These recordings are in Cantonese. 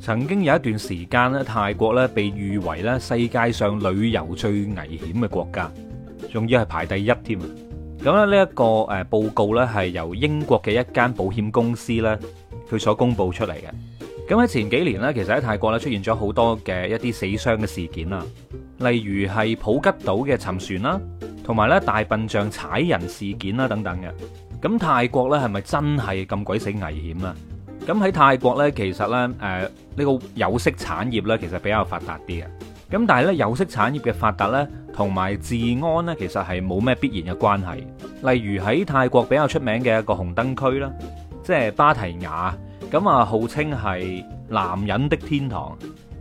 曾經有一段時間咧，泰國咧被譽為咧世界上旅遊最危險嘅國家，仲要係排第一添啊！咁咧呢一個誒報告咧係由英國嘅一間保險公司咧佢所公佈出嚟嘅。咁喺前幾年咧，其實喺泰國咧出現咗好多嘅一啲死傷嘅事件啦，例如係普吉島嘅沉船啦，同埋咧大笨象踩人事件啦等等嘅。咁泰國咧係咪真係咁鬼死危險呀？咁喺泰國咧，其實咧誒。呢個有色產業呢，其實比較發達啲嘅。咁但係呢，有色產業嘅發達呢，同埋治安呢，其實係冇咩必然嘅關係。例如喺泰國比較出名嘅一個紅燈區啦，即係芭提雅，咁啊號稱係男人的天堂。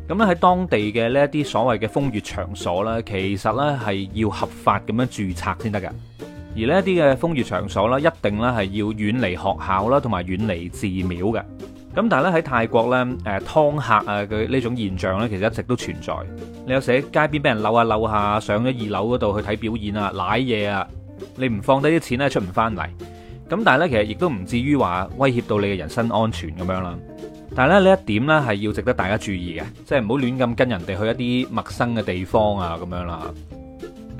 咁咧喺當地嘅呢一啲所謂嘅風月場所呢，其實呢係要合法咁樣註冊先得㗎。而呢啲嘅風月場所呢，一定呢係要遠離學校啦，同埋遠離寺廟嘅。咁但係咧喺泰國呢，誒劏客啊佢呢種現象咧，其實一直都存在。你有時喺街邊俾人扭下扭下，上咗二樓嗰度去睇表演啊、攋嘢啊，你唔放低啲錢呢，出唔翻嚟。咁但係呢，其實亦都唔至於話威脅到你嘅人身安全咁樣啦。但係咧呢一點呢，係要值得大家注意嘅，即係唔好亂咁跟人哋去一啲陌生嘅地方啊咁樣啦。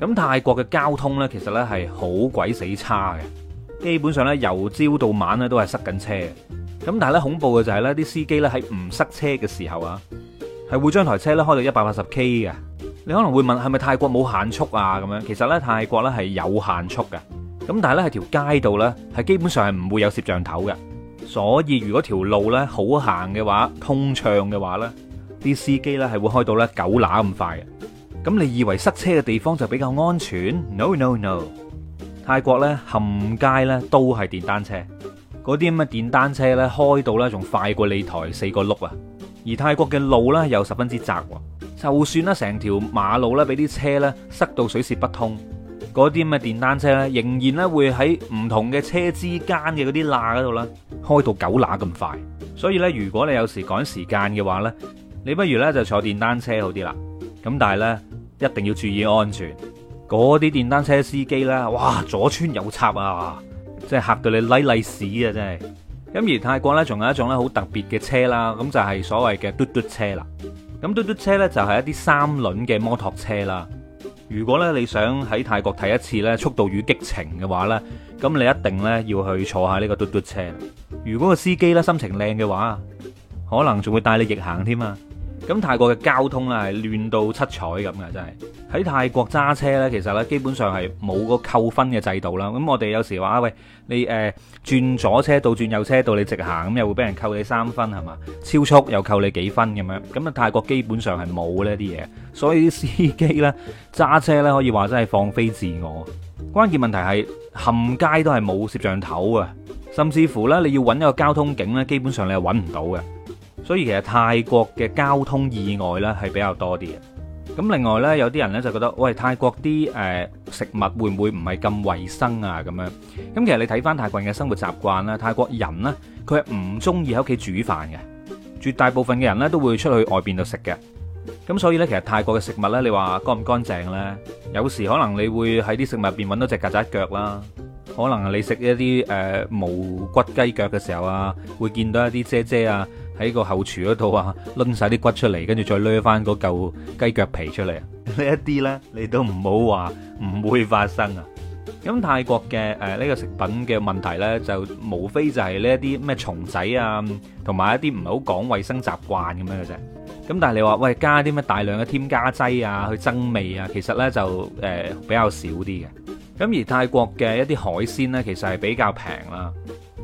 咁泰國嘅交通呢，其實呢係好鬼死差嘅，基本上呢，由朝到晚呢，都係塞緊車。咁但係咧，恐怖嘅就係呢啲司機呢，喺唔塞車嘅時候啊，係會將台車呢開到一百八十 K 嘅。你可能會問係咪泰國冇限速啊咁樣？其實呢，泰國呢係有限速嘅。咁但係咧，喺條街度呢，係基本上係唔會有攝像頭嘅。所以如果條路呢好行嘅話，通暢嘅話呢，啲司機呢係會開到呢狗乸咁快。咁你以為塞車嘅地方就比較安全？No no no！泰國呢，冚街呢都係電單車。嗰啲咁嘅電單車呢，開到呢仲快過你台四個轆啊！而泰國嘅路呢，又十分之窄喎，就算呢成條馬路呢，俾啲車呢塞到水泄不通，嗰啲咁嘅電單車呢，仍然呢會喺唔同嘅車之間嘅嗰啲罅嗰度呢，開到狗乸咁快。所以呢，如果你有時趕時間嘅話呢，你不如呢就坐電單車好啲啦。咁但係呢，一定要注意安全。嗰啲電單車司機呢，哇，左穿右插啊！即係嚇到你瀨曬屎啊！真係咁。而泰國呢，仲有一種咧好特別嘅車啦，咁就係所謂嘅嘟嘟車啦。咁嘟嘟車呢，就係一啲三輪嘅摩托車啦。如果呢你想喺泰國睇一次呢速度與激情嘅話呢，咁你一定呢要去坐下呢個嘟嘟車。如果個司機呢心情靚嘅話，可能仲會帶你逆行添啊！咁泰國嘅交通咧係亂到七彩咁嘅，真係喺泰國揸車咧，其實咧基本上係冇個扣分嘅制度啦。咁我哋有時話喂，你誒轉、呃、左車道轉右車道你直行咁又會俾人扣你三分係嘛？超速又扣你幾分咁樣。咁啊泰國基本上係冇呢啲嘢，所以啲司機咧揸車咧可以話真係放飛自我。關鍵問題係冚街都係冇攝像頭啊，甚至乎咧你要揾一個交通警咧，基本上你係揾唔到嘅。所以其實泰國嘅交通意外咧係比較多啲嘅。咁另外咧，有啲人咧就覺得，喂，泰國啲誒、呃、食物會唔會唔係咁衞生啊？咁樣。咁其實你睇翻泰國人嘅生活習慣啦，泰國人呢，佢係唔中意喺屋企煮飯嘅，絕大部分嘅人咧都會出去外邊度食嘅。咁所以咧，其實泰國嘅食物咧，你話乾唔乾淨咧？有時可能你會喺啲食物入邊揾到隻曱甴腳啦，可能你食一啲誒、呃、無骨雞腳嘅時候啊，會見到一啲啫啫啊。喺個後廚嗰度啊，攆晒啲骨出嚟，跟住再掠翻嗰嚿雞腳皮出嚟。呢一啲呢，你都唔好話唔會發生啊！咁泰國嘅誒呢個食品嘅問題呢，就無非就係呢一啲咩蟲仔啊，同埋一啲唔係好講衛生習慣咁樣嘅啫。咁但係你話喂，加啲咩大量嘅添加劑啊，去增味啊，其實呢就誒、呃、比較少啲嘅。咁而泰國嘅一啲海鮮呢，其實係比較平啦。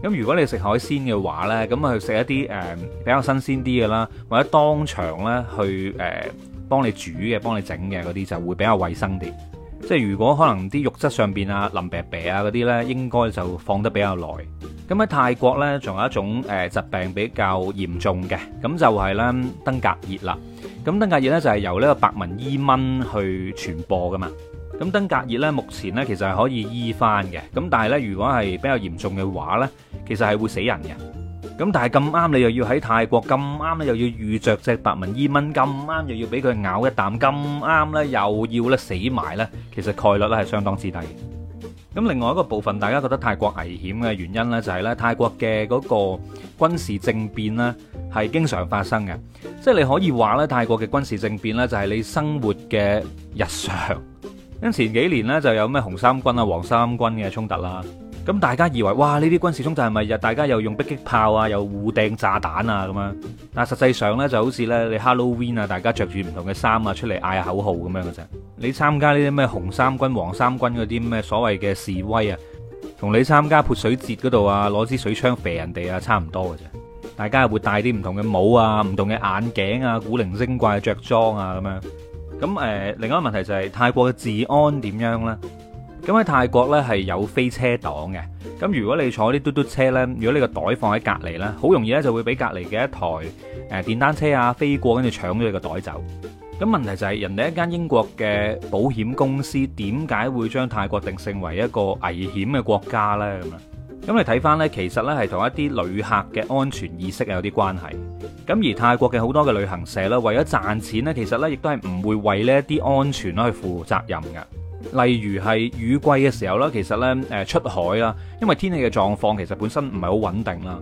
咁如果你食海鮮嘅話呢，咁啊去食一啲誒比較新鮮啲嘅啦，或者當場呢去誒幫你煮嘅、幫你整嘅嗰啲，就會比較衞生啲。即係如果可能啲肉質上邊啊、腍啤啤啊嗰啲呢，應該就放得比較耐。咁喺泰國呢，仲有一種誒疾病比較嚴重嘅，咁就係呢登革熱啦。咁登革熱呢，就係由呢個白紋伊蚊去傳播噶嘛。咁登革熱咧，目前咧其實係可以醫翻嘅，咁但係咧，如果係比較嚴重嘅話咧，其實係會死人嘅。咁但係咁啱你又要喺泰國，咁啱咧又要遇着隻白紋伊蚊，咁啱又要俾佢咬一啖，咁啱咧又要咧死埋咧，其實概率咧係相當之低。咁另外一個部分，大家覺得泰國危險嘅原因咧，就係咧泰國嘅嗰個軍事政變咧係經常發生嘅，即係你可以話咧泰國嘅軍事政變咧就係你生活嘅日常。咁前幾年咧就有咩紅衫軍啊、黃衫軍嘅衝突啦，咁大家以為哇呢啲軍事衝突係咪日大家又用迫擊炮啊，又互掟炸彈啊咁樣？但實際上呢，就好似咧你 Halloween 啊，大家着住唔同嘅衫啊出嚟嗌口號咁樣嘅啫。你參加呢啲咩紅衫軍、黃衫軍嗰啲咩所謂嘅示威啊，同你參加潑水節嗰度啊攞支水槍射人哋啊差唔多嘅啫。大家又會戴啲唔同嘅帽啊、唔同嘅眼鏡啊、古靈精怪嘅着裝啊咁樣。咁誒，另外一個問題就係泰國嘅治安點樣咧？咁喺泰國咧係有飛車黨嘅。咁如果你坐啲嘟嘟車咧，如果你個袋放喺隔離咧，好容易咧就會俾隔離嘅一台誒電單車啊飛過，跟住搶咗你個袋走。咁問題就係人哋一間英國嘅保險公司點解會將泰國定性為一個危險嘅國家咧？咁啊？咁你睇翻呢，其實呢係同一啲旅客嘅安全意識有啲關係。咁而泰國嘅好多嘅旅行社呢為咗賺錢呢，其實呢亦都係唔會為呢一啲安全去負責任嘅。例如係雨季嘅時候呢，其實呢誒出海啦，因為天氣嘅狀況其實本身唔係好穩定啦。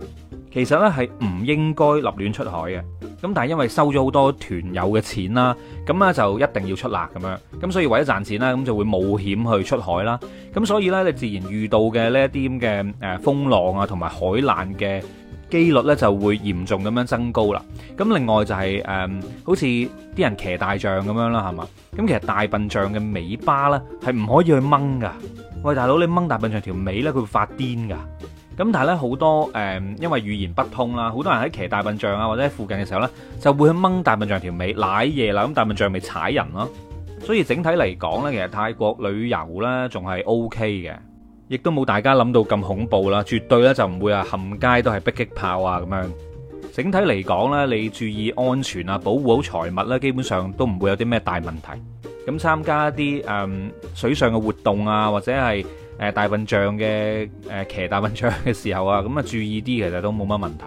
其實咧係唔應該立亂出海嘅，咁但係因為收咗好多團友嘅錢啦，咁咧就一定要出嚟咁樣，咁所以為咗賺錢咧，咁就會冒險去出海啦。咁所以咧，你自然遇到嘅呢一啲咁嘅誒風浪啊，同埋海難嘅機率咧就會嚴重咁樣增高啦。咁另外就係誒，好似啲人騎大象咁樣啦，係嘛？咁其實大笨象嘅尾巴咧係唔可以去掹㗎。喂，大佬你掹大笨象條尾咧，佢會發癲㗎。咁但係咧好多誒，因為語言不通啦，好多人喺騎大笨象啊，或者喺附近嘅時候咧，就會去掹大笨象條尾，舐嘢啦，咁大笨象咪踩人咯。所以整體嚟講咧，其實泰國旅遊咧仲係 OK 嘅，亦都冇大家諗到咁恐怖啦，絕對咧就唔會啊，冚街都係迫擊炮啊咁樣。整體嚟講咧，你注意安全啊，保護好財物啦，基本上都唔會有啲咩大問題。咁參加一啲誒水上嘅活動啊，或者係。誒，大笨象嘅誒，騎大笨象嘅時候啊，咁啊注意啲，其實都冇乜問題。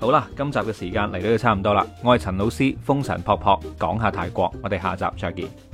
好啦，今集嘅時間嚟到都差唔多啦，我係陳老師，風塵僕僕講下泰國，我哋下集再見。